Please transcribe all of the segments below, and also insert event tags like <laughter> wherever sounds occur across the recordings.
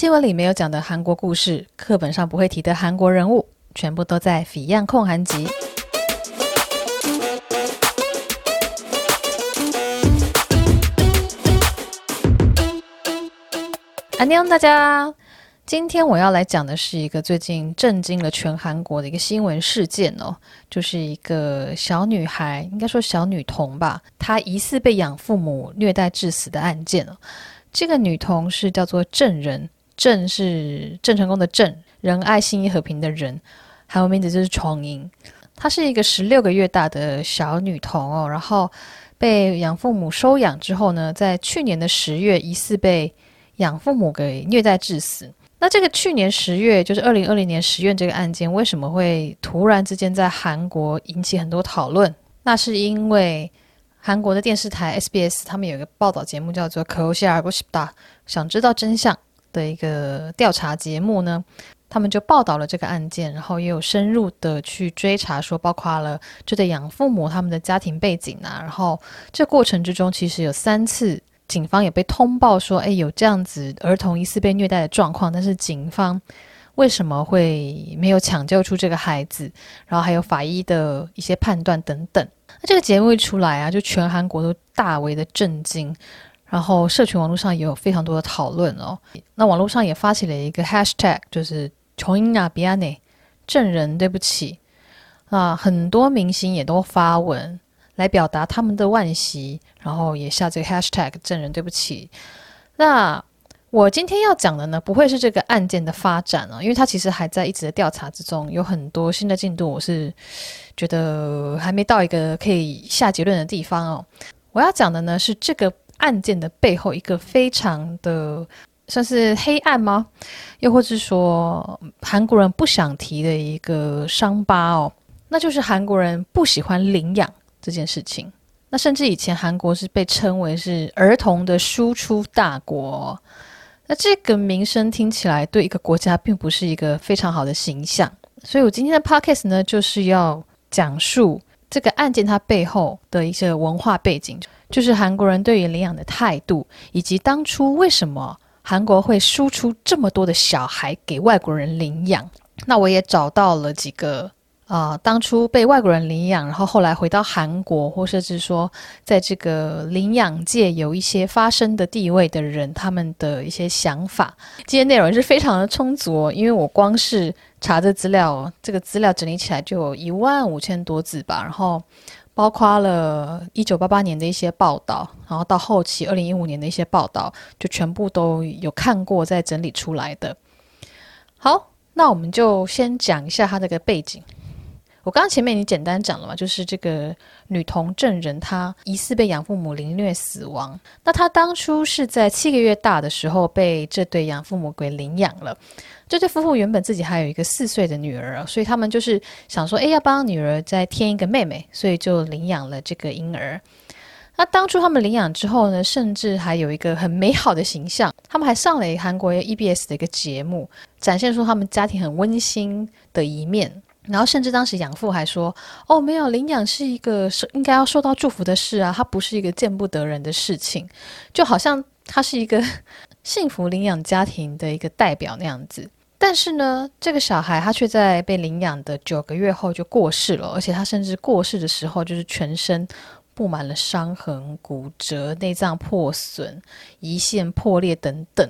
新聞裡沒有講的韓國故事，課本上不會提的韓國人物，全部都在《Fion 焢韓集》。安妞，大家，今天我要來講的是一個最近震驚了全韓國的一個新聞事件哦，就是一個小女孩，應該說小女童吧，她疑似被養父母虐待致死的案件哦。這個女童是叫做鄭仁。鄭是鄭成功的鄭，仁愛、信義、和平的仁。韓文名字就是重英。她是一個十六個月大的小女童哦，然後被養父母收養之後呢，在去年的十月疑似被養父母給虐待致死。那這個去年十月，就是二零二零年十月這個案件，為什麼會突然之間在韓國引起很多討論？那是因為韓國的電視台 SBS 他們有一個報道節目叫做《可惜而不惜打》，想知道真相。的一個調查節目呢，他們就報道了這個案件，然後也有深入的去追查說，說包括了這對養父母他們的家庭背景啊，然後這過程之中，其實有三次警方也被通報說，誒、哎，有這樣子兒童疑似被虐待的狀況，但是警方為什麼會沒有搶救出這個孩子？然後還有法醫的一些判斷等等。那這個節目一出來啊，就全韓國都大為的震驚。然後，社群網絡上也有非常多的討論哦。那網絡上也發起了一個 #hashtag，就是“瓊英啊比 i a 證人，對不起”。啊，很多明星也都發文來表達他們的惋惜，然後也下這個 #hashtag，證人，對不起。那我今天要講的呢，不會是這個案件的發展哦，因為它其實還在一直的調查之中，有很多新的進度，我是覺得還沒到一個可以下結論的地方哦。我要講的呢，是這個。案件的背後，一個非常的算是黑暗嗎？又或是說，韓國人不想提的一個傷疤哦，那就是韓國人不喜歡領養這件事情。那甚至以前韓國是被稱為是兒童的輸出大國哦，那這個名聲聽起來對一個國家並不是一個非常好的形象。所以，我今天的 podcast 呢，就是要講述這個案件它背後的一些文化背景。就是韓國人對於領養的態度，以及當初為什麼韓國會輸出這麼多的小孩給外國人領養。那我也找到了幾個啊、呃，當初被外國人領養，然後後來回到韓國，或甚至說在這個領養界有一些發聲的地位的人，他們的一些想法。今天內容是非常的充足，因為我光是查的資料，這個資料整理起來就有一萬五千多字吧，然後。包括了一九八八年的一些報道，然後到後期二零一五年的一些報道，就全部都有看過，再整理出來的。好，那我們就先講一下它這個背景。我剛剛前面已經簡單講了嘛，就是這個女童鄭仁她疑似被養父母凌虐死亡。那她當初是在七個月大的時候被這對養父母給領養了。這對夫婦原本自己還有一個四歲的女兒，所以他們就是想說，哎，要幫女兒再添一個妹妹，所以就領養了這個嬰兒。那當初他們領養之後呢，甚至還有一個很美好的形象，他們還上了一韓國 EBS 的一個節目，展現出他們家庭很溫馨的一面。然後甚至當時養父還說：“哦，沒有，領養是一個應該要受到祝福的事啊，它不是一個見不得人的事情，就好像它是一個幸福領養家庭的一個代表那樣子。”但是呢，這個小孩他卻在被領養的九個月後就過世了，而且他甚至過世的時候就是全身布滿了傷痕、骨折、內臟破損、胰腺破裂等等。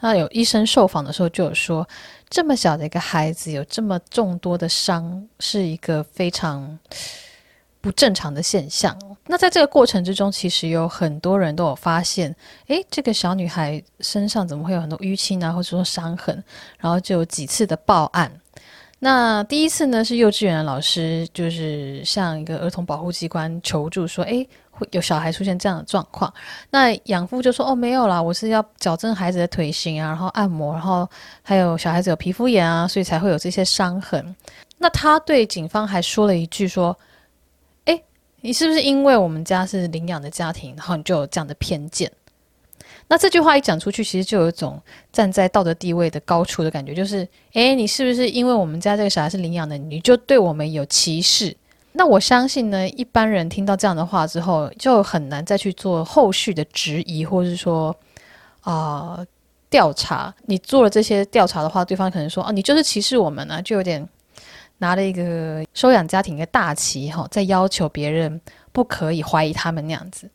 那有醫生受訪的時候就有說，這麼小的一個孩子有這麼眾多的傷，是一個非常。不正常的現象。那在這個過程之中，其實有很多人都有發現，誒，這個小女孩身上怎麼會有很多淤青啊，或者說傷痕？然後就有幾次的報案。那第一次呢，是幼稚園的老師就是向一個兒童保護機關求助，說，誒，會有小孩出現這樣的狀況。那養父就說，哦，沒有啦，我是要矯正孩子的腿型啊，然後按摩，然後還有小孩子有皮膚炎啊，所以才會有這些傷痕。那他對警方還說了一句說，你是不是因為我們家是領養的家庭，然後你就有這樣的偏見？那這句話一講出去，其實就有一種站在道德地位的高處的感覺，就是，誒，你是不是因為我們家這個小孩是領養的，你就對我們有歧視？那我相信呢，一般人聽到這樣的話之後，就很難再去做後續的質疑，或是說，啊，呃，調查。你做了這些調查的話，對方可能說，哦，你就是歧視我們呢，啊，就有點。拿了一個收養家庭的大旗，哈、哦，在要求別人不可以懷疑他們那樣子。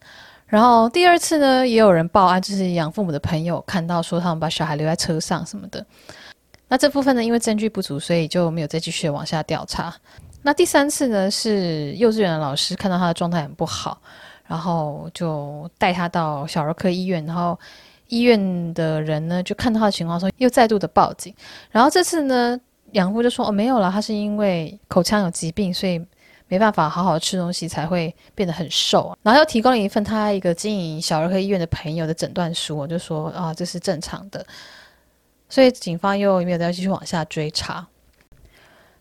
然後第二次呢，也有人報案、啊，就是養父母的朋友看到說他們把小孩留在車上什麼的。那這部分呢，因為證據不足，所以就沒有再繼續往下調查。那第三次呢，是幼稚園的老師看到他的狀態很不好，然後就帶他到小兒科醫院，然後醫院的人呢就看到他的情況說，說又再度的報警。然後這次呢，養父就說：“哦，沒有啦，他是因為口腔有疾病，所以沒辦法好好吃東西，才會變得很瘦。然後又提供了一份他一個經營小兒科醫院的朋友的診斷書，我就說啊，這是正常的。所以警方又沒有再繼續往下追查。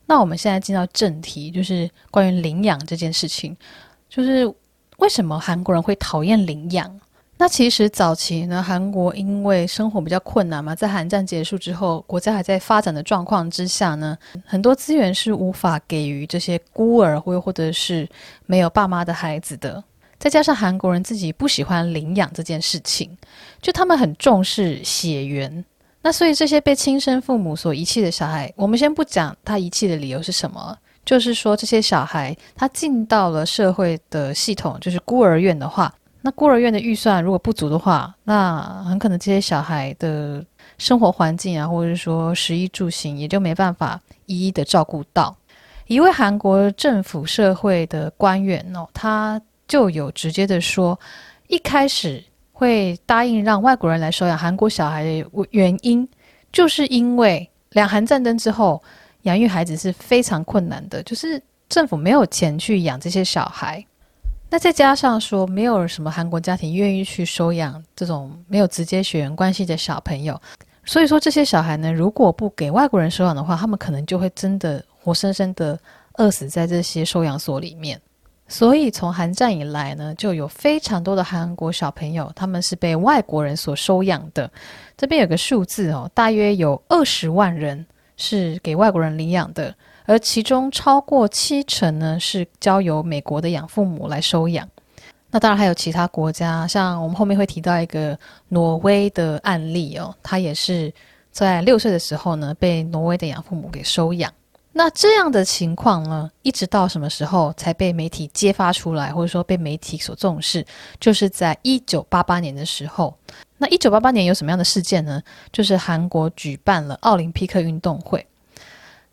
那我們現在進到正題，就是關於領養這件事情，就是為什麼韓國人會討厭領養？”那其實早期呢，韓國因為生活比較困難嘛，在韓戰結束之後，國家還在發展的狀況之下呢，很多資源是無法給予這些孤兒或或者是沒有爸媽的孩子的。再加上韓國人自己不喜歡領養這件事情，就他們很重視血緣。那所以這些被親生父母所遺棄的小孩，我們先不講他遺棄的理由是什麼，就是說這些小孩他進到了社會的系統，就是孤兒院的話。那孤兒院的預算如果不足的話，那很可能這些小孩的生活環境啊，或者是說食衣住行，也就沒辦法一一的照顧到。一位韓國政府社會的官員哦，他就有直接的說，一開始會答應讓外國人來收養韓國小孩的原因，就是因為兩韓戰爭之後，養育孩子是非常困難的，就是政府沒有錢去養這些小孩。那再加上說，沒有什麼韓國家庭願意去收養這種沒有直接血緣關係的小朋友，所以說這些小孩呢，如果不給外國人收養的話，他們可能就會真的活生生的餓死在這些收養所裡面。所以從韓戰以來呢，就有非常多的韓國小朋友，他們是被外國人所收養的。這邊有個數字哦，大約有二十萬人是給外國人領養的。而其中超過七成呢，是交由美國的養父母來收養。那當然還有其他國家，像我們後面會提到一個挪威的案例哦，他也是在六歲的時候呢，被挪威的養父母給收養。那這樣的情況呢，一直到什麼時候才被媒體揭發出來，或者說被媒體所重視？就是在一九八八年的時候。那一九八八年有什麼樣的事件呢？就是韓國舉辦了奧林匹克運動會。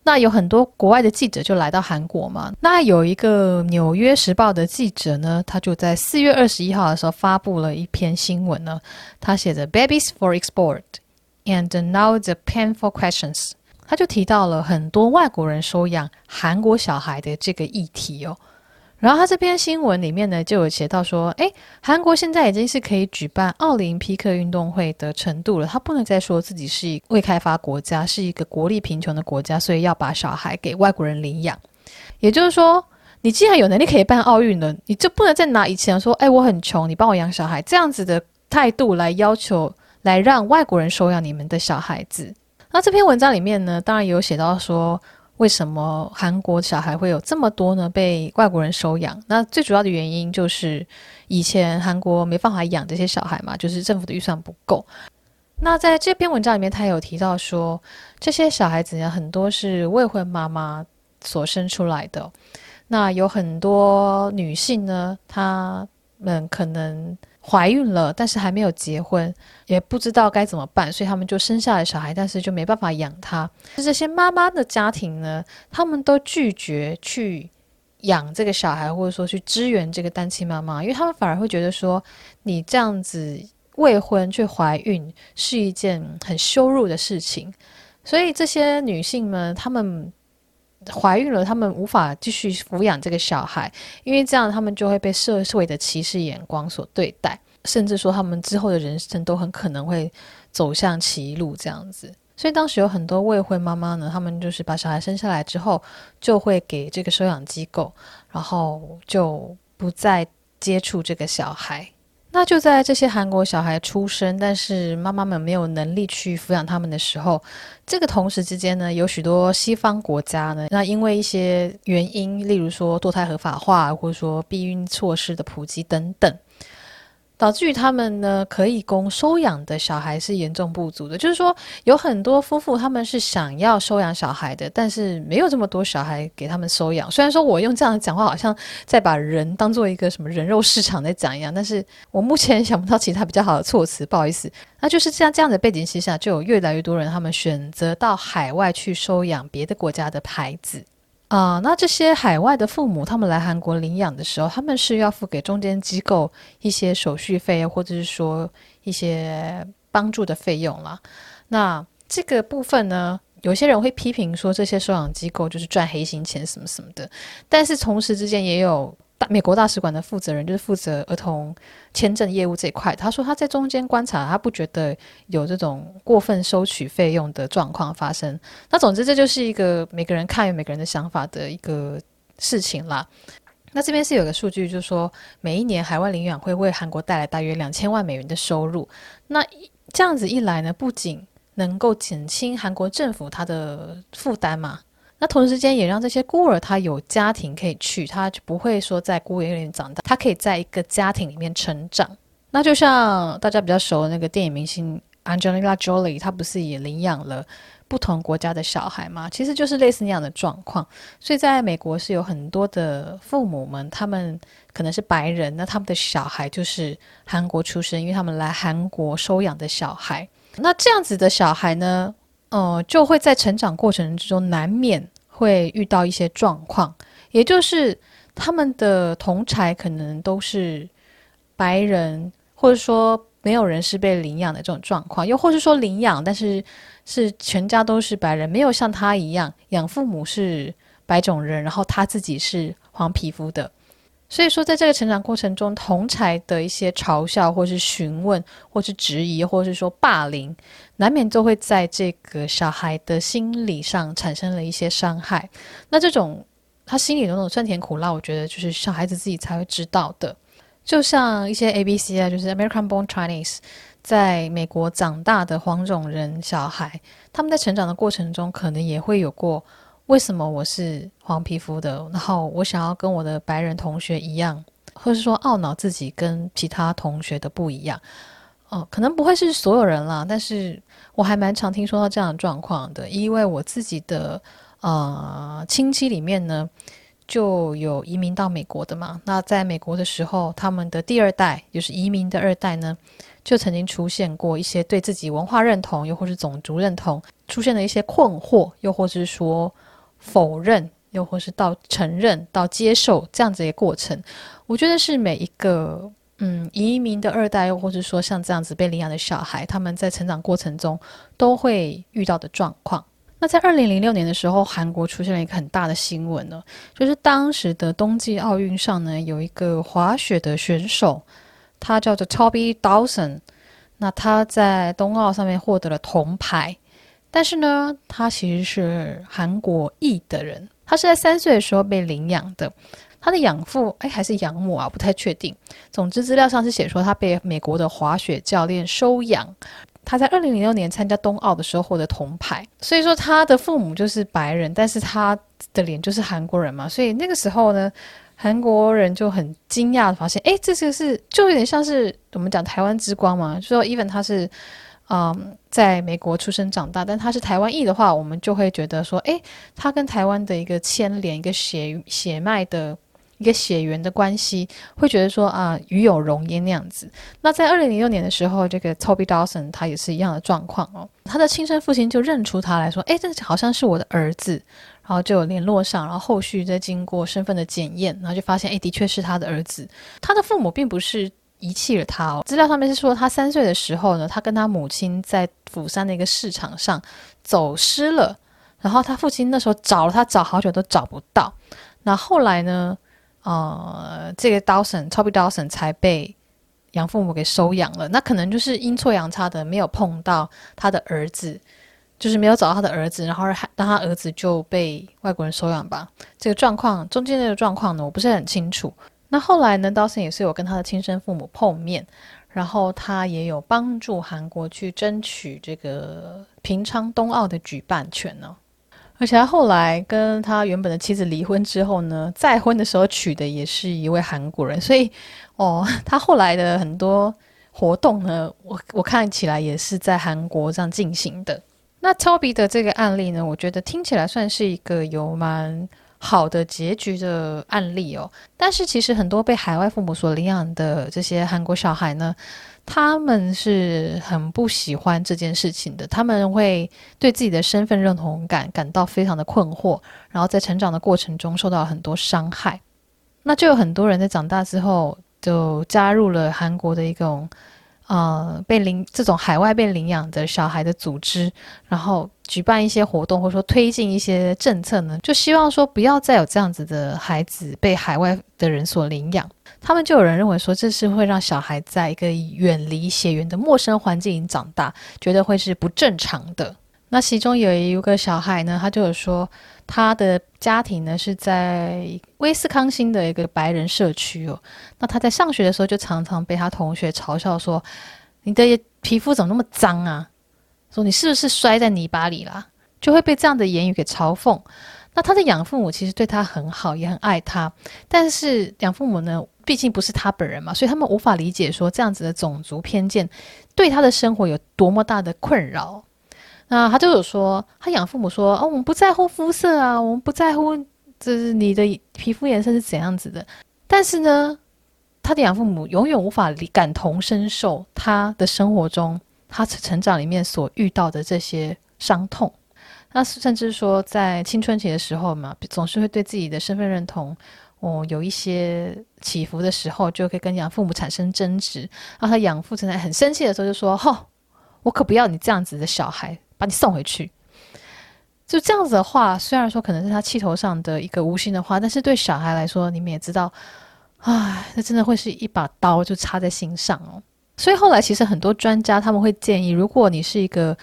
那有很多國外的記者就來到韓國嘛。那有一個《紐約時報》的記者呢，他就在四月二十一號的時候發布了一篇新聞呢。他寫着 “babies for export”，and now the painful questions。他就提到了很多外國人收養韓國小孩的這個議題哦。然後他這篇新聞裡面呢，就有寫到說，哎，韓國現在已經是可以舉辦奧林匹克運動會的程度了，他不能再說自己是未開發國家，是一個國力貧窮的國家，所以要把小孩給外國人領養。也就是說，你既然有能力可以辦奧運了，你就不能再拿以前說，哎，我很窮，你幫我養小孩這樣子的態度來要求，來讓外國人收養你們的小孩子。那這篇文章裡面呢，當然也有寫到說，為什麼韓國小孩會有這麼多呢？被外國人收養。那最主要的原因就是以前韓國沒辦法養這些小孩嘛，就是政府的預算不夠。那在這篇文章裡面，他有提到說，這些小孩子呢，很多是未婚媽媽所生出來的。那有很多女性呢，她們可能。懷孕了，但是還沒有結婚，也不知道該怎麼辦，所以他們就生下了小孩，但是就沒辦法養他。這些媽媽的家庭呢，他們都拒絕去養這個小孩，或者說去支援這個單親媽媽，因為他們反而會覺得說，你這樣子未婚去懷孕是一件很羞辱的事情。所以這些女性們，她們。懷孕了，他們無法繼續撫養這個小孩，因為這樣他們就會被社會的歧視眼光所對待，甚至說他們之後的人生都很可能會走向歧路這樣子。所以當時有很多未婚媽媽呢，他們就是把小孩生下來之後，就會給這個收養機構，然後就不再接觸這個小孩。那就在這些韓國小孩出生，但是媽媽們沒有能力去撫養他們的時候，這個同時之間呢，有許多西方國家呢，那因為一些原因，例如說墮胎合法化，或者說避孕措施的普及等等。導致於他們呢，可以供收養的小孩是嚴重不足的。就是說，有很多夫婦他們是想要收養小孩的，但是沒有這麼多小孩給他們收養。雖然說我用這樣的講話，好像在把人當做一個什麼人肉市場在講一樣，但是我目前想不到其他比較好的措辭，不好意思。那就是像這樣的背景之下，就有越來越多人他們選擇到海外去收養別的國家的孩子。啊、呃，那這些海外的父母他們來韓國領養的時候，他們是要付給中間機構一些手續費，或者是說一些幫助的費用啦。那這個部分呢，有些人會批評說，這些收養機構就是賺黑心錢什麼什麼的，但是同時之間也有。美國大使館的負責人，就是負責兒童簽證業務這一塊。他說他在中間觀察，他不覺得有這種過分收取費用的狀況發生。那總之這就是一個每個人看有每個人的想法的一個事情啦。那這邊是有個數據，就是說每一年海外領養會為韓國帶來大約兩千萬美元的收入。那這樣子一來呢，不僅能夠減輕韓國政府它的負擔嘛。那同時間也讓這些孤兒他有家庭可以去，他就不會說在孤兒院長大，他可以在一個家庭裡面成長。那就像大家比較熟的那個電影明星 Angelina Jolie，她不是也領養了不同國家的小孩嗎？其實就是類似那樣的狀況。所以在美國是有很多的父母們，他們可能是白人，那他們的小孩就是韓國出生，因為他們來韓國收養的小孩。那這樣子的小孩呢，呃，就會在成長過程之中難免。會遇到一些狀況，也就是他們的同儕可能都是白人，或者說沒有人是被領養的這種狀況，又或者說領養，但是是全家都是白人，沒有像他一樣，養父母是白種人，然後他自己是黃皮膚的。所以說，在這個成長過程中，同儕的一些嘲笑，或是詢問，或是質疑，或是說霸凌，難免都會在這個小孩的心理上產生了一些傷害。那這種他心裡的那種酸甜苦辣，我覺得就是小孩子自己才會知道的。就像一些 A B C 啊，就是 American-born Chinese，在美國長大的黃種人小孩，他們在成長的過程中，可能也會有過。為什麼我是黃皮膚的？然後我想要跟我的白人同學一樣，或是說懊惱自己跟其他同學的不一樣？哦、呃，可能不會是所有人啦，但是我還蠻常聽說到這樣的狀況的，因為我自己的呃親戚裡面呢，就有移民到美國的嘛。那在美國的時候，他們的第二代，就是移民的二代呢，就曾經出現過一些對自己文化認同又或是種族認同出現了一些困惑，又或是說，否認，又或是到承認，到接受這樣子一個過程，我覺得是每一個嗯移民的二代，又或者說像這樣子被領養的小孩，他們在成長過程中都會遇到的狀況。那在二零零六年的時候，韓國出現了一個很大的新聞呢，就是當時的冬季奧運上呢，有一個滑雪的選手，他叫做 Toby Dawson，那他在冬奧上面獲得了銅牌。但是呢，他其實是韓國裔的人，他是在三歲的時候被領養的，他的養父哎還是養母啊，不太確定。總之資料上是寫說他被美國的滑雪教練收養，他在二零零六年參加冬奧的時候獲得銅牌，所以說他的父母就是白人，但是他的臉就是韓國人嘛，所以那個時候呢，韓國人就很驚訝的發現，哎，這個是就有點像是我們講台灣之光嘛，就說 even 他是。嗯、呃，在美國出生長大，但他是台灣裔的話，我們就會覺得說，誒、欸，他跟台灣的一個牽連、一個血血脈的一個血緣的關係，會覺得說啊，與、呃、有榮焉那樣子。那在二零零六年的時候，這個 Toby Dawson 他也是一樣的狀況哦，他的親生父親就認出他來說，誒、欸，這好像是我的兒子，然後就有聯絡上，然後後續再經過身份的檢驗，然後就發現，誒、欸，的確是他的兒子，他的父母並不是遺棄了他哦。資料上面是說，他三歲的時候呢，他跟他母親在釜山的一個市場上走失了，然後他父親那時候找了他找好久都找不到。那後來呢，呃，這個 Dawson，Toby Dawson 才被養父母給收養了。那可能就是陰錯陽差的，沒有碰到他的兒子，就是沒有找到他的兒子，然後讓他兒子就被外國人收養吧。這個狀況中間那個狀況呢，我不是很清楚。那後來呢，到現在也是有跟他的親生父母碰面，然後他也有幫助韓國去爭取這個平昌冬奧的舉辦權呢、哦。而且他後來跟他原本的妻子離婚之後呢，再婚的時候娶的也是一位韓國人，所以哦，他後來的很多活動呢，我我看起來也是在韓國這樣進行的。那 Toby 的這個案例呢，我覺得聽起來算是一個有蠻。好的結局的案例哦，但是其實很多被海外父母所領養的這些韓國小孩呢，他們是很不喜歡這件事情的，他們會對自己的身份認同感感到非常的困惑，然後在成長的過程中受到很多傷害，那就有很多人在長大之後就加入了韓國的一種，呃，被領這種海外被領養的小孩的組織，然後。舉辦一些活動，或者說推進一些政策呢，就希望說不要再有這樣子的孩子被海外的人所領養。他們就有人認為說，這是會讓小孩在一個遠離血緣的陌生環境長大，覺得會是不正常的。那其中有一個小孩呢，他就有說，他的家庭呢是在威斯康辛的一個白人社區哦。那他在上學的時候就常常被他同學嘲笑說：“你的皮膚怎麼那麼髒啊？”說你是不是摔在泥巴裡啦啊？就會被這樣的言語給嘲諷。那他的養父母其實對他很好，也很愛他。但是養父母呢，畢竟不是他本人嘛，所以他們無法理解說這樣子的種族偏見對他的生活有多麼大的困擾。那他就有說，他養父母說：“哦，我們不在乎膚色啊，我們不在乎，就是你的皮膚顏色是怎樣子的。”但是呢，他的養父母永遠無法感同身受他的生活中。他成長裡面所遇到的這些傷痛，那甚至說在青春期的時候嘛，總是會對自己的身份認同哦有一些起伏的時候，就可以跟養父母產生爭執。那他養父正在很生氣的時候，就說：“吼、哦，我可不要你這樣子的小孩，把你送回去。”就這樣子的話，雖然說可能是他氣頭上的一個無心的話，但是對小孩來說，你們也知道，唉，那真的會是一把刀，就插在心上哦。所以後來，其實很多專家他們會建議，如果你是一個，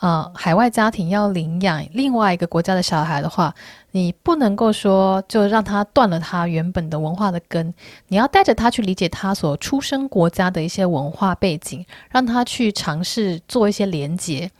呃，海外家庭要領養另外一個國家的小孩的話，你不能夠說就讓他斷了他原本的文化的根，你要帶着他去理解他所出生國家的一些文化背景，讓他去嘗試做一些連接。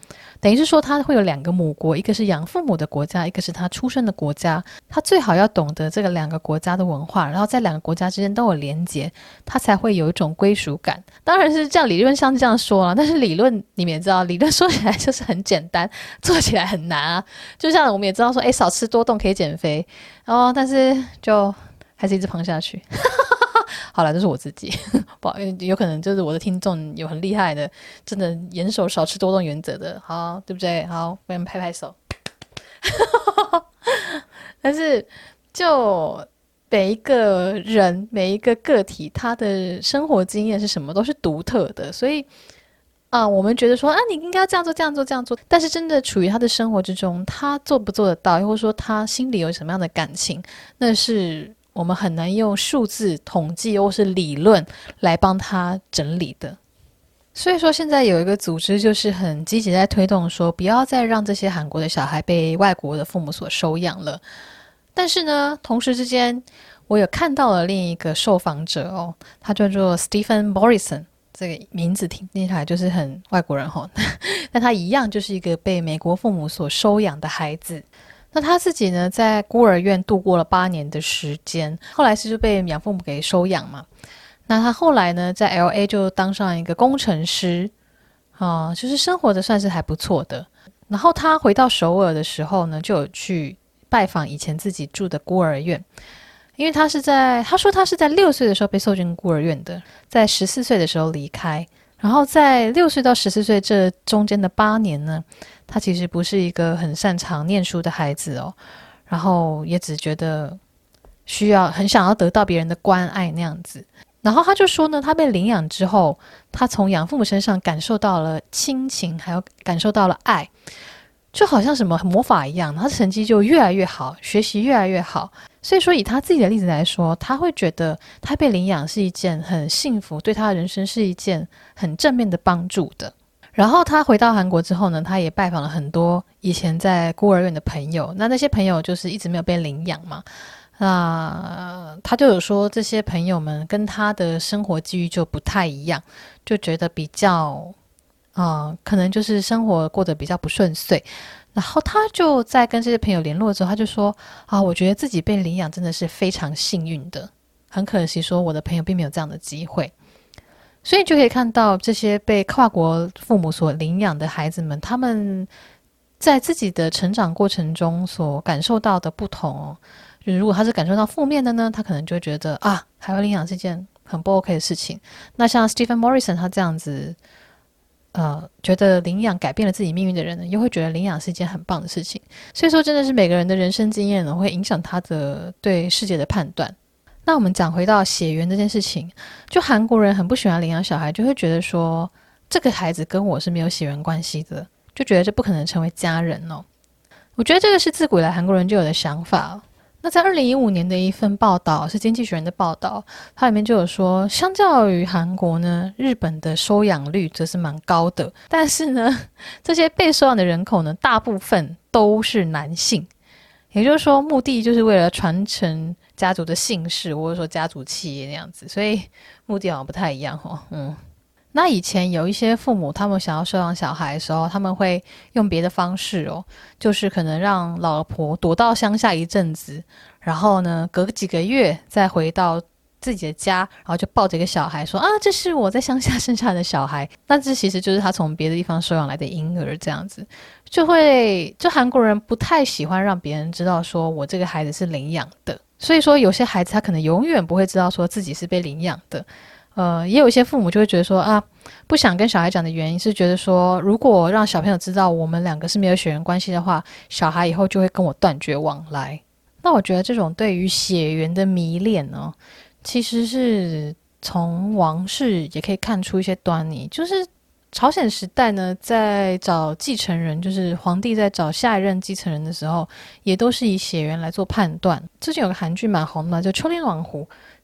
等於是說，他會有兩個母國，一個是養父母的國家，一個是他出生的國家。他最好要懂得這個兩個國家的文化，然後在兩個國家之間都有連接，他才會有一種歸屬感。當然是這樣，理論上這樣說了啊，但是理論你們也知道，理論說起來就是很簡單，做起來很難啊。就像我們也知道說，哎，少吃多動可以減肥，然後但是就還是一直胖下去。 <laughs> 好了，這、就是我自己， <laughs> 不好意思，有可能就是我的聽眾有很厲害的，真的嚴守少吃多動原則的，好，對不對？好，我們拍拍手。 <laughs> 但是，就每一個人、每一個個體，他的生活經驗是什麼，都是獨特的。所以啊、呃，我們覺得說，啊，你應該這樣做、這樣做、這樣做，但是真的處於他的生活之中，他做不做得到，又或者說他心裡有什麼樣的感情，那是。我們很難用數字統計或是理論來幫他整理的，所以說現在有一個組織就是很積極在推動，說不要再讓這些韓國的小孩被外國的父母所收養了。但是呢，同時之間我有看到了另一個受訪者哦，他叫做 Stephen Morrison，這個名字聽聽起來就是很外國人吼、哦，但他一樣就是一個被美國父母所收養的孩子。那他自己呢，在孤兒院度過了八年的時間，後來是就被養父母給收養嘛。那他後來呢，在 LA 就當上一個工程師，啊，就是生活的算是還不錯的。然後他回到首爾的時候呢，就有去拜訪以前自己住的孤兒院，因為他是在他說他是在六歲的時候被送進孤兒院的，在十四歲的時候離開，然後在六歲到十四歲這中間的八年呢。他其實不是一個很擅長念書的孩子哦，然後也只覺得需要很想要得到別人的關愛那樣子。然後他就說呢，他被領養之後，他從養父母身上感受到了親情，還有感受到了愛，就好像什麼魔法一樣，他成績就越來越好，學習越來越好。所以說，以他自己的例子來說，他會覺得他被領養是一件很幸福，對他的人生是一件很正面的幫助的。然後他回到韓國之後呢，他也拜訪了很多以前在孤兒院的朋友。那那些朋友就是一直沒有被領養嘛，那、呃、他就有說，這些朋友們跟他的生活機遇就不太一樣，就覺得比較啊、呃，可能就是生活過得比較不順遂。然後他就在跟這些朋友聯絡的時候，他就說啊，我覺得自己被領養真的是非常幸運的，很可惜說我的朋友並沒有這樣的機會。所以就可以看到這些被跨國父母所領養的孩子們，他們在自己的成長過程中所感受到的不同哦，就如果他是感受到負面的呢，他可能就會覺得啊，海外領養是一件很不 OK 的事情。那像 Stephen Morrison 他這樣子，呃，覺得領養改變了自己命運的人呢，又會覺得領養是一件很棒的事情。所以說，真的是每個人的人生經驗呢，會影響他的對世界的判斷。那我們講回到血緣這件事情，就韓國人很不喜歡領養小孩，就會覺得說這個孩子跟我是沒有血緣關係的，就覺得這不可能成為家人哦。我覺得這個是自古以來韓國人就有的想法哦。那在二零一五年的一份報道是《經濟學人》的報道，它裡面就有說，相較於韓國呢，日本的收養率則是蠻高的，但是呢，這些被收養的人口呢，大部分都是男性，也就是說，目的就是為了傳承。家族的姓氏，或者說家族企業那樣子，所以目的好像不太一樣哦。嗯，那以前有一些父母，他們想要收養小孩的時候，他們會用別的方式哦，就是可能讓老婆躲到鄉下一陣子，然後呢，隔幾個月再回到自己的家，然後就抱着一個小孩說啊，這是我在鄉下生下的小孩，那這其實就是他從別的地方收養來的嬰兒這樣子。就會，就韓國人不太喜歡讓別人知道，說我這個孩子是領養的，所以說有些孩子他可能永遠不會知道說自己是被領養的，呃，也有一些父母就會覺得說啊，不想跟小孩講的原因是覺得說，如果讓小朋友知道我們兩個是沒有血緣關係的話，小孩以後就會跟我斷絕往來。那我覺得這種對於血緣的迷戀呢、哦，其實是從王室也可以看出一些端倪，就是。朝鮮時代呢，在找繼承人，就是皇帝在找下一任繼承人的時候，也都是以血緣來做判斷。最近有個韓劇蠻紅的，叫《哲仁王后》，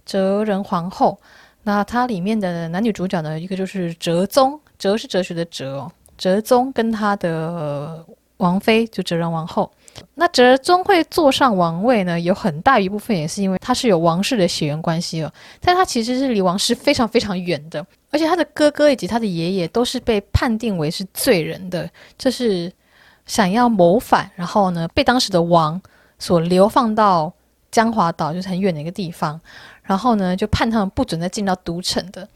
哲仁皇後。那它裡面的男女主角呢，一個就是哲宗，哲是哲學的哲、哦，哲宗跟他的王妃就哲仁王後。那哲宗會坐上王位呢，有很大一部分也是因為他是有王室的血緣關係了，但他其實是離王室非常非常遠的，而且他的哥哥以及他的爺爺都是被判定為是罪人的，這、就是想要謀反，然後呢被當時的王所流放到江華島，就是很遠的一個地方，然後呢就判他們不准再進到都城的。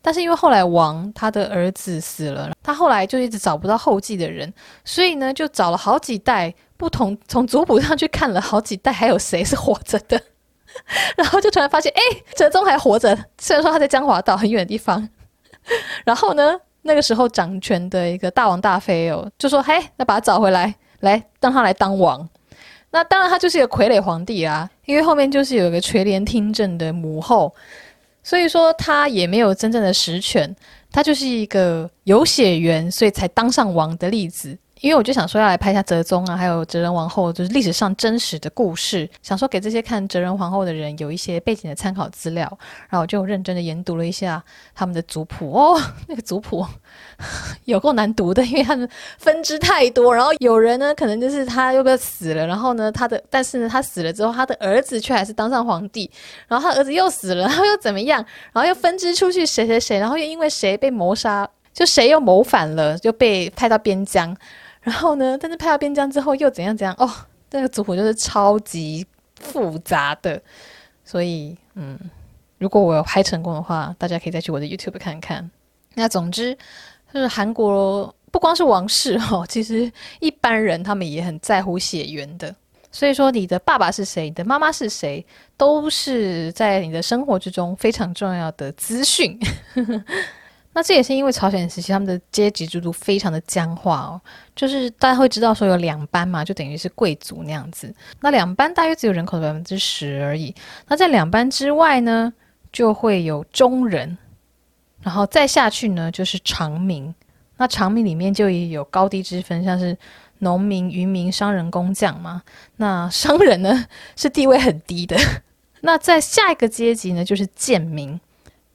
但是因為後來王他的兒子死了，他後來就一直找不到後繼的人，所以呢就找了好幾代。不同從族譜上去看了好幾代，還有誰是活着的？ <laughs> 然後就突然發現，哎、欸，哲宗還活着，雖然說他在江華島很遠的地方。 <laughs> 然後呢，那個時候掌權的一個大王大妃哦，就說，嘿，那把他找回來，來讓他來當王。那當然他就是一個傀儡皇帝啊，因為後面就是有一個垂簾聽政的母後，所以說他也沒有真正的實權，他就是一個有血緣所以才當上王的例子。因為我就想說要來拍一下哲宗啊，還有哲仁王後，就是歷史上真實的故事。想說給這些看哲仁王後的人有一些背景的參考資料。然後我就認真的研讀了一下他們的族譜哦，那個族譜有夠難讀的，因為他們分支太多。然後有人呢，可能就是他又被死了。然後呢，他的但是呢，他死了之後，他的兒子卻還是當上皇帝。然後他兒子又死了，然後又怎麼樣？然後又分支出去誰誰誰，然後又因為誰被謀殺，就誰又謀反了，就被派到邊疆。然後呢，但是拍到邊疆之後又怎樣怎樣。哦，那個族譜就是超級複雜的，所以嗯，如果我有拍成功的話，大家可以再去我的 YouTube 看看。那總之，就是韓國不光是王室哦，其實一般人他們也很在乎血緣的。所以說，你的爸爸是誰，你的媽媽是誰，都是在你的生活之中非常重要的資訊。 <laughs> 那這也是因為朝鮮時期他們的階級制度非常的僵化哦，就是大家會知道說有兩班嘛，就等於是貴族那樣子。那兩班大約只有人口的百分之十而已。那在兩班之外呢，就會有中人，然後再下去呢就是常民。那常民裡面就也有高低之分，像是農民、漁民、商人、工匠嘛。那商人呢是地位很低的。 <laughs> 那在下一個階級呢就是賤民，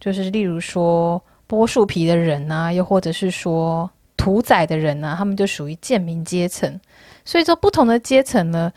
就是例如說。剝樹皮的人啊，又或者是說屠宰的人啊，他們就屬於賤民階層。所以說，不同的階層呢，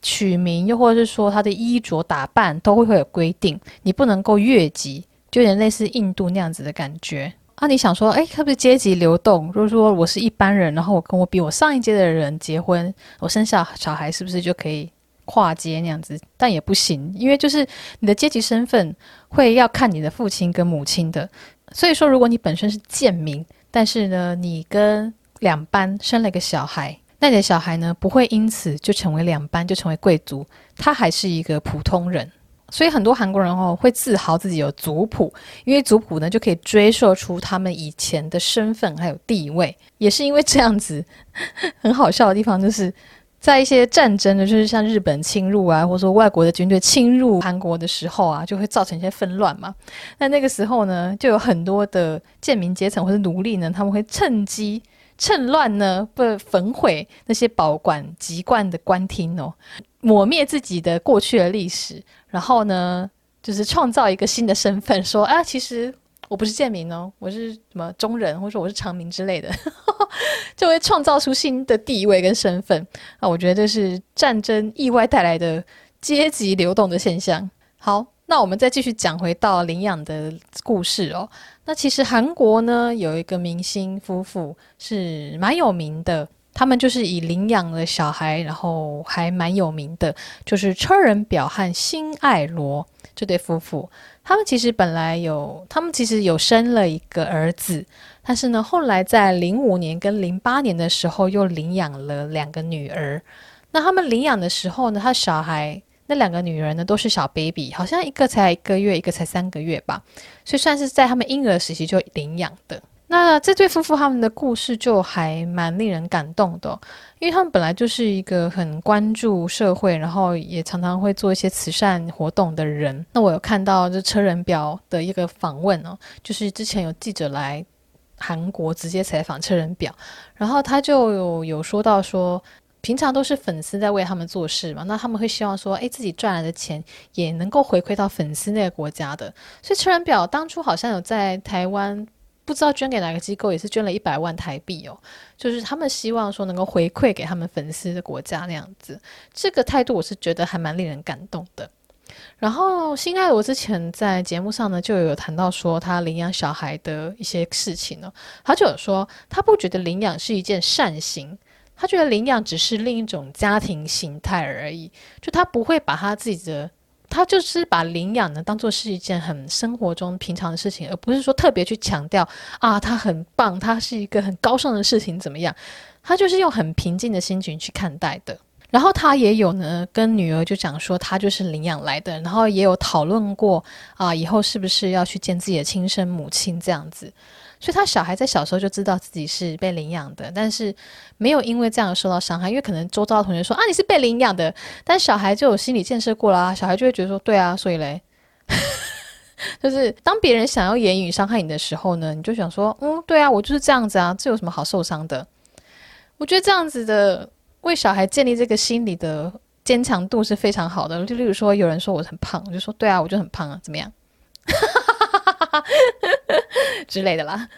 取名又或者是說他的衣着打扮都會會有規定，你不能夠越級，就有點類似印度那樣子的感覺啊。你想說，哎、欸，特別是階級流動。如果說我是一般人，然後我跟我比我上一階的人結婚，我生下小孩是不是就可以跨階那樣子？但也不行，因為就是你的階級身份會要看你的父親跟母親的。所以說，如果你本身是賤民，但是呢，你跟兩班生了一個小孩，那你的小孩呢，不會因此就成為兩班，就成為貴族，他還是一個普通人。所以很多韓國人哦，會自豪自己有族譜，因為族譜呢，就可以追溯出他們以前的身份還有地位。也是因為這樣子，呵呵很好笑的地方就是。在一些戰爭的，就是像日本侵入啊，或者說外國的軍隊侵入韓國的時候啊，就會造成一些紛亂嘛。那那個時候呢，就有很多的賤民階層或者奴隸呢，他們會趁機趁亂呢，會焚毀那些保管籍貫的官廳哦、喔，抹滅自己的過去的歷史，然後呢，就是創造一個新的身份，說啊，其實。我不是賤民哦，我是什麼中人，或者說我是長民之類的， <laughs> 就會創造出新的地位跟身份啊。那我覺得這是戰爭意外帶來的階級流動的現象。好，那我們再繼續講回到領養的故事哦。那其實韓國呢，有一個明星夫婦是蠻有名的，他們就是以領養了小孩，然後還蠻有名的，就是車仁表和辛愛羅這對夫婦。他們其實本來有，他們其實有生了一個兒子，但是呢，後來在零五年跟零八年的時候又領養了兩個女兒。那他們領養的時候呢，他小孩那兩個女兒呢都是小 baby，好像一個才一個月，一個才三個月吧，所以算是在他們嬰兒時期就領養的。那這對夫婦他們的故事就還蠻令人感動的哦，因為他們本來就是一個很關注社會，然後也常常會做一些慈善活動的人。那我有看到，這車仁表的一個訪問哦，就是之前有記者來韓國直接採訪車仁表，然後他就有有說到說，平常都是粉絲在為他們做事嘛，那他們會希望說，哎，自己賺來的錢也能夠回饋到粉絲那個國家的。所以車仁表當初好像有在台灣。不知道捐給哪個機構，也是捐了一百萬台幣哦。就是他們希望說能夠回饋給他們粉絲的國家那樣子，這個態度我是覺得還蠻令人感動的。然後，辛愛羅，我之前在節目上呢就有談到說他領養小孩的一些事情哦，他就有說他不覺得領養是一件善行，他覺得領養只是另一種家庭形態而已，就他不會把他自己的。他就是把領養呢當做是一件很生活中平常的事情，而不是說特別去強調啊，他很棒，他是一個很高尚的事情怎麼樣？他就是用很平靜的心情去看待的。然後他也有呢跟女兒就講說，他就是領養來的，然後也有討論過啊，以後是不是要去見自己的親生母親這樣子。所以他小孩在小時候就知道自己是被領養的，但是沒有因為這樣受到傷害，因為可能周遭的同學說啊，你是被領養的，但小孩就有心理建設過啦。小孩就會覺得說對啊，所以嘞， <laughs> 就是當別人想要言語傷害你的時候呢，你就想說嗯對啊，我就是這樣子啊，這有什麼好受傷的？我覺得這樣子的為小孩建立這個心理的堅強度是非常好的。就例如說有人說我很胖，我就說對啊，我就很胖啊，怎麼樣？ <laughs> 之類的啦，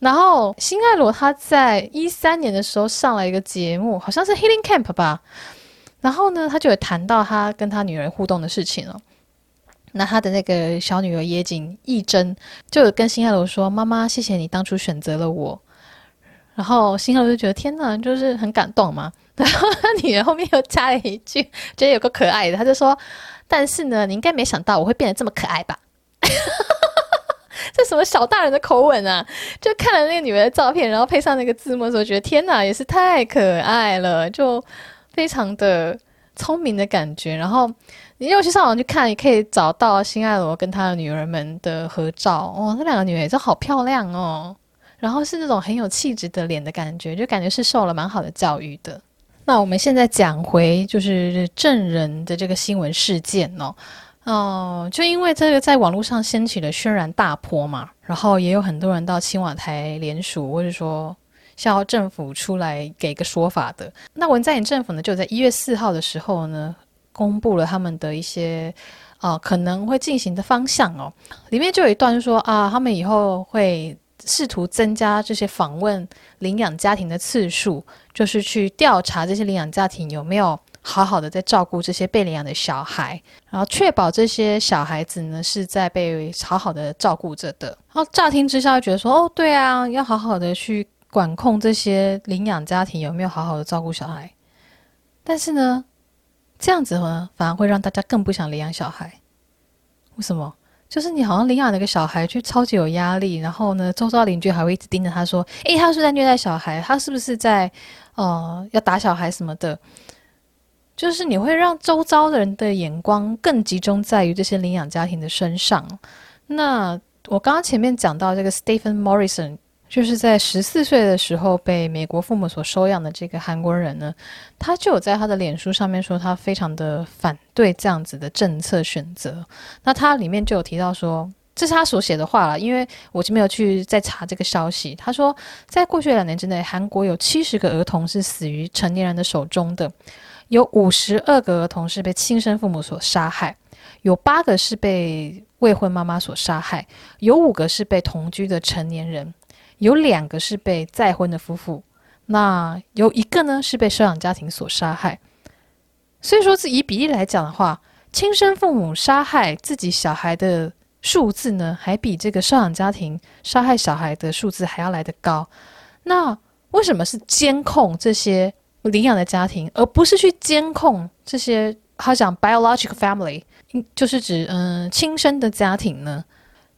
然後辛愛羅他在一三年的時候上了一個節目，好像是 Healing Camp 吧，然後呢，他就有談到他跟他女兒互動的事情了。那他的那個小女兒野井一珍就有跟辛愛羅說：“媽媽，謝謝你當初選擇了我。”然後辛愛羅就覺得天哪，就是很感動嘛。然後他女兒後面又加了一句，覺得有個可愛的，他就說：“但是呢，你應該沒想到我會變得這麼可愛吧？” <laughs> 這什麼小大人的口吻啊！就看了那個女兒的照片，然後配上那個字幕的時候，覺得天哪，也是太可愛了，就非常的聰明的感覺。然後你又去上網去看，也可以找到辛愛羅跟她的女兒們的合照。哦。那兩個女兒也是好漂亮哦，然後是那種很有氣質的臉的感覺，就感覺是受了蠻好的教育的。那我們現在講回就是鄭仁的這個新聞事件哦。哦、呃，就因為這個，在網絡上掀起了軒然大波嘛，然後也有很多人到青瓦台聯署，或者說向政府出來給個說法的。那文在寅政府呢，就在一月四號的時候呢，公布了他們的一些，哦、呃，可能會進行的方向哦，裡面就有一段說啊，他們以後會試圖增加這些訪問領養家庭的次數，就是去調查這些領養家庭有沒有。好好的在照顧這些被領養的小孩，然後確保這些小孩子呢是在被好好的照顧着的。然後乍聽之下，覺得說哦，對啊，要好好的去管控這些領養家庭有沒有好好的照顧小孩。但是呢，這樣子呢，反而會讓大家更不想領養小孩。為什麼？就是你好像領養了一個小孩，卻超級有壓力。然後呢，周遭鄰居還會一直盯着他說：“哎，他是,是在虐待小孩，他是不是在哦、呃、要打小孩什麼的？”就是你會讓周遭的人的眼光更集中在於這些領養家庭的身上。那我剛剛前面講到這個 Stephen Morrison，就是在十四歲的時候被美國父母所收養的這個韓國人呢，他就有在他的臉書上面說他非常的反對這樣子的政策選擇。那他裡面就有提到說，這是他所寫的話了，因為我就沒有去再查這個消息。他說，在過去兩年之內，韓國有七十個兒童是死於成年人的手中的。有五十二個兒童是被親生父母所殺害，有八個是被未婚媽媽所殺害，有五個是被同居的成年人，有兩個是被再婚的夫婦，那有一個呢是被收養家庭所殺害。所以說，以比例來講的話，親生父母殺害自己小孩的數字呢，還比這個收養家庭殺害小孩的數字還要來得高。那為什麼是監控這些？領養的家庭，而不是去監控這些他講 biological family，就是指嗯、呃、親生的家庭呢，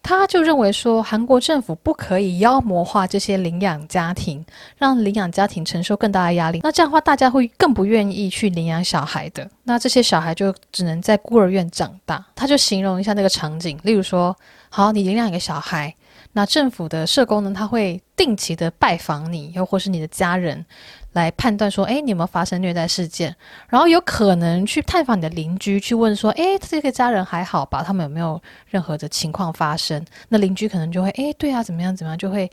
他就認為說韓國政府不可以妖魔化這些領養家庭，讓領養家庭承受更大的壓力。那這樣的話，大家會更不願意去領養小孩的。那這些小孩就只能在孤兒院長大。他就形容一下那個場景，例如說，好，你領養一個小孩，那政府的社工呢，他會定期的拜訪你，又或是你的家人。來判斷說，哎，你有沒有發生虐待事件？然後有可能去探訪你的鄰居，去問說，哎，這個家人還好吧？他們有沒有任何的情況發生？那鄰居可能就會，哎，對啊，怎麼樣怎麼樣，就會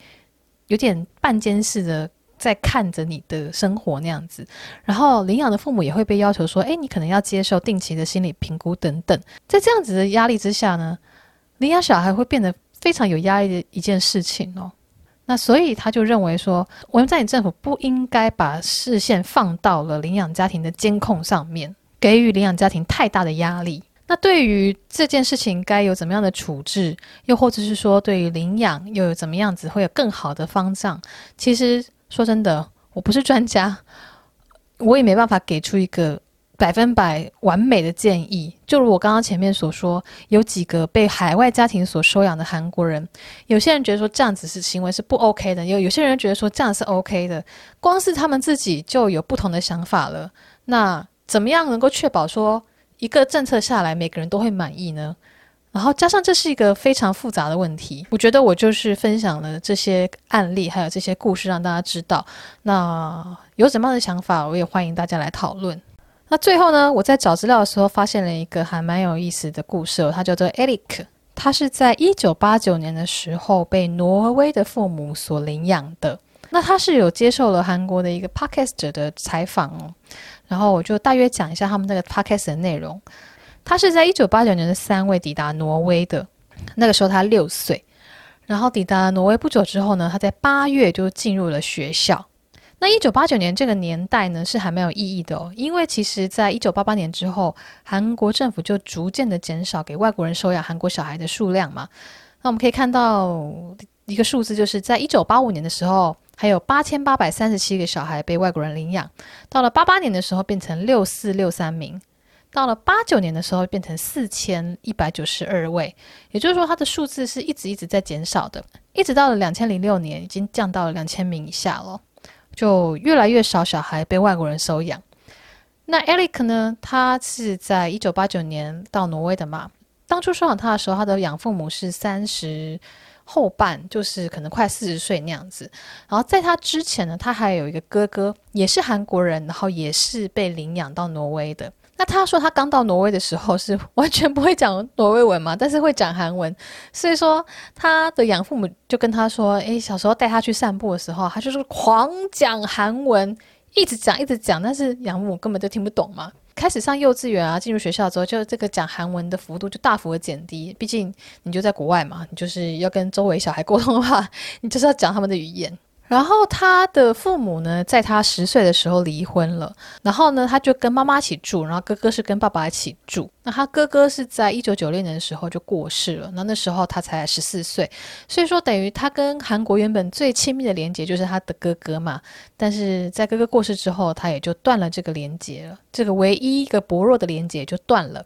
有點半監視的在看着你的生活那樣子。然後領養的父母也會被要求說，哎，你可能要接受定期的心理評估等等。在這樣子的壓力之下呢，領養小孩會變得非常有壓力的一件事情哦。那所以他就認為說，我們在你政府不應該把視線放到了領養家庭的監控上面，給予領養家庭太大的壓力。那對於這件事情該有怎麼樣的處置，又或者是說對於領養又有怎麼樣子會有更好的方向？其實說真的，我不是專家，我也沒辦法給出一個。百分百完美的建議，就如我剛剛前面所說，有幾個被海外家庭所收養的韓國人，有些人覺得說這樣子是行為是不 OK 的，有有些人覺得說這樣是 OK 的，光是他們自己就有不同的想法了。那怎麼樣能夠確保說一個政策下來每個人都會滿意呢？然後加上這是一個非常複雜的問題，我覺得我就是分享了這些案例還有這些故事讓大家知道。那有什麼樣的想法，我也歡迎大家來討論。那最後呢，我在找資料的時候發現了一個還蠻有意思的故事哦，他叫做 Eric。他是在一九八九年的時候被挪威的父母所領養的。那他是有接受了韓國的一個 podcast 的採訪哦，然後我就大約講一下他們那個 podcast 的內容。他是在一九八九年的三月抵達挪威的，那個時候他六歲。然後抵達挪威不久之後呢，他在八月就進入了學校。那一九八九年這個年代呢，是還蠻有意義的哦，因為其實在一九八八年之後，韓國政府就逐漸的減少給外國人收養韓國小孩的數量嘛。那我們可以看到一個數字，就是在一九八五年的時候，還有八千八百三十七個小孩被外國人領養，到了八八年的時候變成六四六三名，到了八九年的時候變成四千一百九十二位，也就是說，它的數字是一直一直在減少的，一直到了兩千零六年，已經降到了兩千名以下了。就越來越少小孩被外國人收養。那 Eric 呢？他是在一九八九年到挪威的嘛。當初收養他的時候，他的養父母是三十後半，就是可能快四十歲那樣子。然後在他之前呢，他還有一個哥哥，也是韓國人，然後也是被領養到挪威的。那他說他剛到挪威的時候是完全不會講挪威文嘛，但是會講韓文，所以說他的養父母就跟他說，誒、欸，小時候帶他去散步的時候，他就是狂講韓文，一直講一直講，但是養母根本就聽不懂嘛。開始上幼稚園啊，進入學校之後，就這個講韓文的幅度就大幅的減低，畢竟你就在國外嘛，你就是要跟周圍小孩溝通的話，你就是要講他們的語言。然後他的父母呢，在他十歲的時候離婚了。然後呢，他就跟媽媽一起住，然後哥哥是跟爸爸一起住。那他哥哥是在一九九六年的時候就過世了。那那時候他才十四歲，所以說等於他跟韓國原本最親密的連結就是他的哥哥嘛。但是在哥哥過世之後，他也就斷了這個連結了，這個唯一一個薄弱的連結就斷了。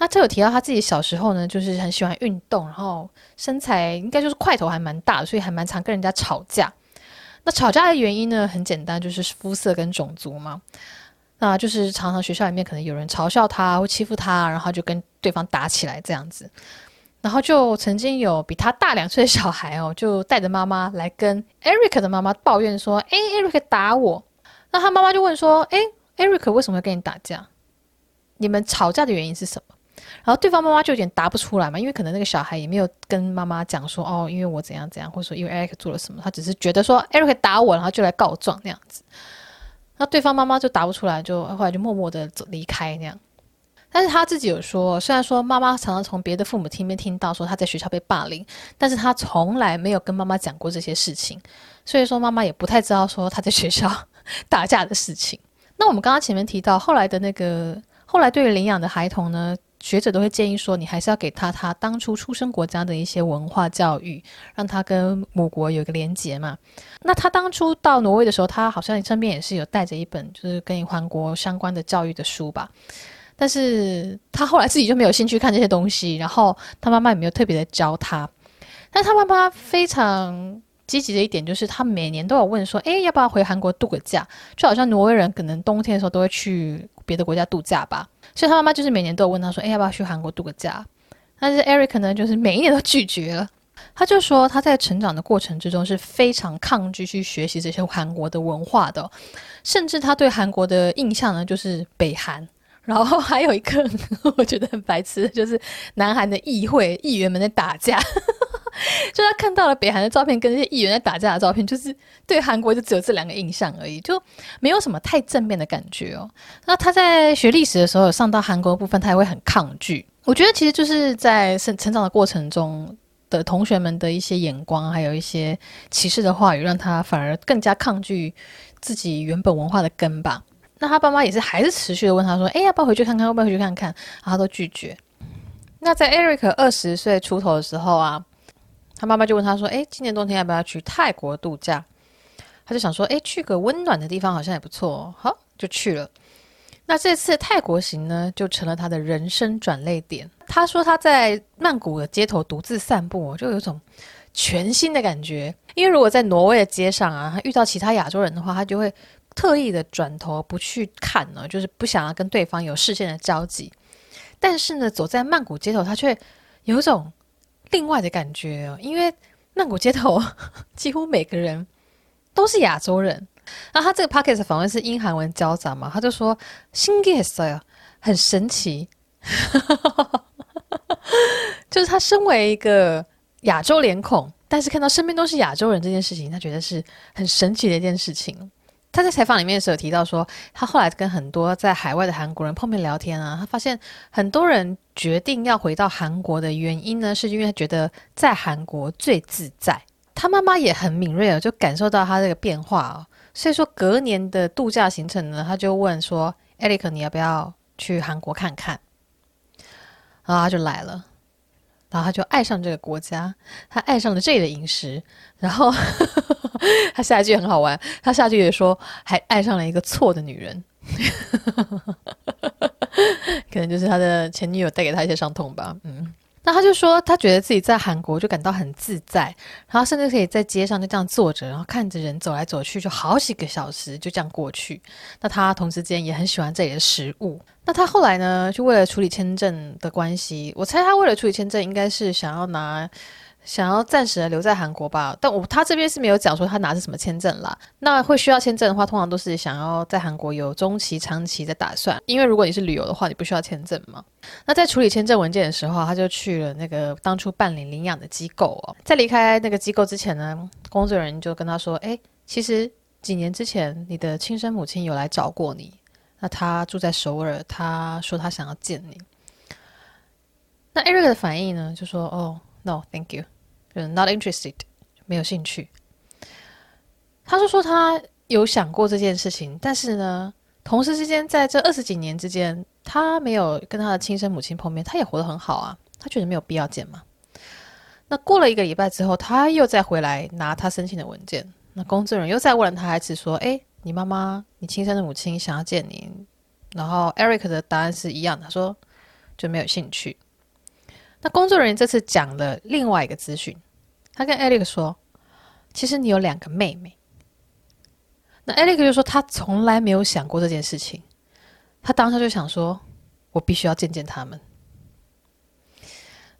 那這有提到他自己小時候呢，就是很喜歡運動，然後身材應該就是塊頭還蠻大的，所以還蠻常跟人家吵架。那吵架的原因呢，很簡單，就是膚色跟種族嘛。那就是常常學校裡面可能有人嘲笑他或欺負他，然後就跟對方打起來這樣子。然後就曾經有比他大兩歲的小孩哦，就帶着媽媽來跟 Eric 的媽媽抱怨說：“欸，Eric 打我。”那他媽媽就問說：“欸，Eric 為什麼要跟你打架？你們吵架的原因是什麼？”然後對方媽媽就有點答不出來嘛，因為可能那個小孩也沒有跟媽媽講說哦，因為我怎樣怎樣，或者說因為 Eric 做了什麼，他只是覺得說 Eric 打我，然後就來告狀那樣子。那對方媽媽就答不出來，就後來就默默的走離開那樣。但是他自己有說，雖然說媽媽常常從別的父母聽邊聽到說他在學校被霸凌，但是他從來沒有跟媽媽講過這些事情，所以說媽媽也不太知道說他在學校打架的事情。那我們剛剛前面提到，後來的那個，後來對於領養的孩童呢？學者都會建議說，你還是要給他他當初出生國家的一些文化教育，讓他跟母國有一個連結嘛。那他當初到挪威的時候，他好像你身邊也是有帶着一本就是跟韓國相關的教育的書吧。但是他後來自己就沒有興趣看這些東西，然後他媽媽也沒有特別的教他。但是他媽媽非常積極的一點就是，他每年都有問說，欸，要不要回韓國度個假？就好像挪威人可能冬天的時候都會去。別的國家度假吧，所以他媽媽就是每年都有問他說，哎、欸，要不要去韓國度個假？但是 Eric 呢，就是每一年都拒絕了。他就說他在成長的過程之中是非常抗拒去學習這些韓國的文化的，哦，甚至他對韓國的印象呢就是北韓，然後還有一個我覺得很白痴，就是南韓的議會議員們在打架。 <laughs> 就他看到了北韓的照片，跟那些議員在打架的照片，就是對韓國就只有這兩個印象而已，就沒有什麼太正面的感覺哦。那他在學歷史的時候，上到韓國的部分，他也會很抗拒。我覺得其實就是在生成長的過程中的同學們的一些眼光，還有一些歧視的話語，讓他反而更加抗拒自己原本文化的根吧。那他爸媽也是還是持續的問他說，哎、欸，要不要回去看看？要不要回去看看？然後他都拒絕。那在 Eric 二十歲出頭的時候啊。他媽媽就問他說：“誒，今年冬天要不要去泰國度假？”他就想說：“誒，去個溫暖的地方好像也不錯哦。”好，就去了。那這次泰國行呢，就成了他的人生轉捩點。他說他在曼谷的街頭獨自散步，就有一種全新的感覺。因為如果在挪威的街上啊，他遇到其他亞洲人的話，他就會特意的轉頭不去看呢，哦，就是不想要跟對方有視線的交集。但是呢，走在曼谷街頭，他卻有一種。另外的感覺哦，因為曼谷街頭幾乎每個人都是亞洲人，然、啊、後他這個 podcast 訪問是英韓文交雜嘛，他就說新奇很神奇， <laughs> 就是他身為一個亞洲臉孔，但是看到身邊都是亞洲人這件事情，他覺得是很神奇的一件事情。他在採訪裡面的時候提到說，他後來跟很多在海外的韓國人碰面聊天啊，他發現很多人決定要回到韓國的原因呢，是因為他覺得在韓國最自在。他媽媽也很敏銳哦，就感受到他這個變化啊、哦，所以說隔年的度假行程呢，他就問說，Eric，你要不要去韓國看看？然後他就來了，然後他就愛上這個國家，他愛上了這裡的飲食，然後。 <laughs> <laughs> 他下一句也很好玩，他下一句也說還愛上了一個錯的女人， <laughs> 可能就是他的前女友帶給他一些傷痛吧。嗯，那他就說他覺得自己在韓國就感到很自在，然後甚至可以在街上就這樣坐着，然後看着人走來走去，就好幾個小時就這樣過去。那他同時間也很喜歡這裡的食物。那他後來呢，就為了處理簽證的關係，我猜他為了處理簽證，應該是想要拿。想要暫時的留在韓國吧，但我他這邊是沒有講說他拿着什麼簽證啦。那會需要簽證的話，通常都是想要在韓國有中期、長期的打算。因為如果你是旅遊的話，你不需要簽證嘛。那在處理簽證文件的時候，他就去了那個當初辦理領養的機構哦。在離開那個機構之前呢，工作人員就跟他說：“誒、欸，其實幾年之前你的親生母親有來找過你，那他住在首爾，他說他想要見你。”那 Eric 的反應呢，就說：“哦，no, thank you。”嗯 not interested，沒有興趣。他是說他有想過這件事情，但是呢，同事之間在這二十幾年之間，他沒有跟他的親生母親碰面，他也活得很好啊，他覺得沒有必要見嘛。那過了一個禮拜之後，他又再回來拿他申請的文件，那公證人又再問了他一次說：“哎、欸，你媽媽，你親生的母親想要見你。”然後 Eric 的答案是一樣的，他說就沒有興趣。那工作人員這次講了另外一個資訊，他跟艾利克說：“其實你有兩個妹妹。”那艾利克就說：“他從來沒有想過這件事情。”他當時就想說：“我必須要見見他們。”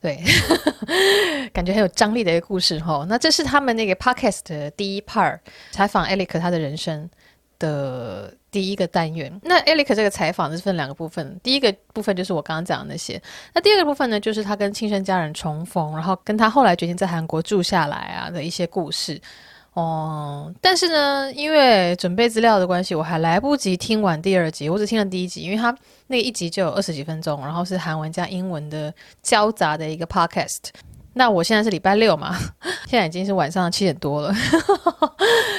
對， <laughs> 感覺很有張力的一個故事哈。那這是他們那個 podcast 的第一 part，採訪艾利克他的人生的。第一個單元，那艾 l i c 這個採訪是分兩個部分，第一個部分就是我剛剛講那些，那第二個部分呢，就是他跟親生家人重逢，然後跟他後來決定在韓國住下來啊的一些故事。哦、嗯，但是呢，因為準備資料的關係，我還來不及聽完第二集，我只聽了第一集，因為他那一集就有二十幾分鐘，然後是韓文加英文的交雜的一個 podcast。那我現在是禮拜六嘛，現在已經是晚上七點多了呵呵。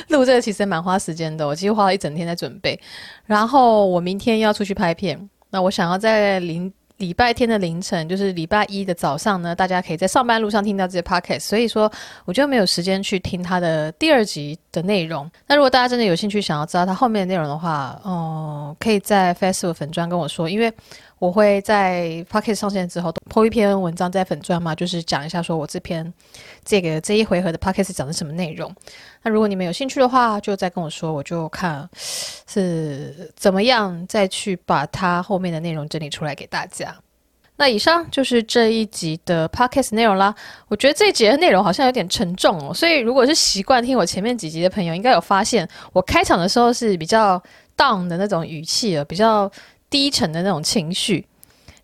錄這個其實蠻花時間的，我其實花了一整天在準備。然後我明天要出去拍片，那我想要在臨禮拜天的凌晨，就是禮拜一的早上呢，大家可以在上班路上聽到這些 podcast。所以說，我就沒有時間去聽他的第二集的內容。那如果大家真的有興趣想要知道他後面的內容的話，哦、嗯，可以在 Facebook 粉專跟我說，因為，我會在 podcast 上線之後，PO 一篇文章在粉專嘛，就是講一下說我這篇這個這一回合的 podcast 講的什麼內容。那如果你們有興趣的話，就再跟我說，我就看是怎麼樣再去把它後面的內容整理出來給大家。那以上就是這一集的 podcast 內容啦。我覺得這一集的內容好像有點沉重哦，所以如果是習慣聽我前面幾集的朋友，應該有發現我開場的時候是比較 down 的那種語氣比較。低沉的那種情緒，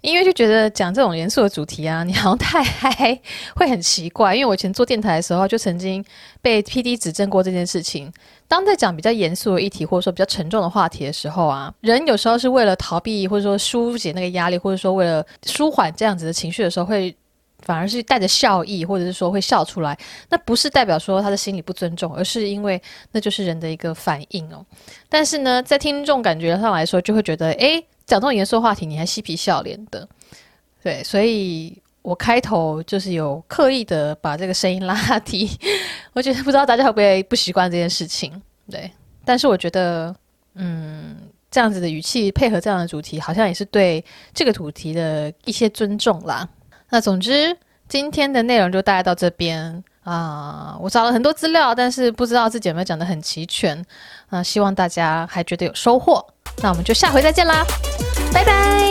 因為就覺得講這種嚴肅的主題啊，你好像太嗨會很奇怪。因為我以前做電台的時候，就曾經被 PD 指正過這件事情。當在講比較嚴肅的議題，或者說比較沉重的話題的時候啊，人有時候是為了逃避，或者說疏解那個壓力，或者說為了舒緩這樣子的情緒的時候，會反而是帶着笑意，或者是說會笑出來。那不是代表說他的心裡不尊重，而是因為那就是人的一個反應哦。但是呢，在聽眾感覺上來說，就會覺得哎。誒講這種嚴肅話題，你還嬉皮笑臉的，對，所以我開頭就是有刻意的把這個聲音拉低，我覺得不知道大家會不會不習慣這件事情，對，但是我覺得，嗯，這樣子的語氣配合這樣的主題，好像也是對這個主題的一些尊重啦。那總之，今天的內容就大概到這邊啊、呃，我找了很多資料，但是不知道自己有沒有講得很齊全。那希望大家還覺得有收穫，那我們就下回再見啦，拜拜。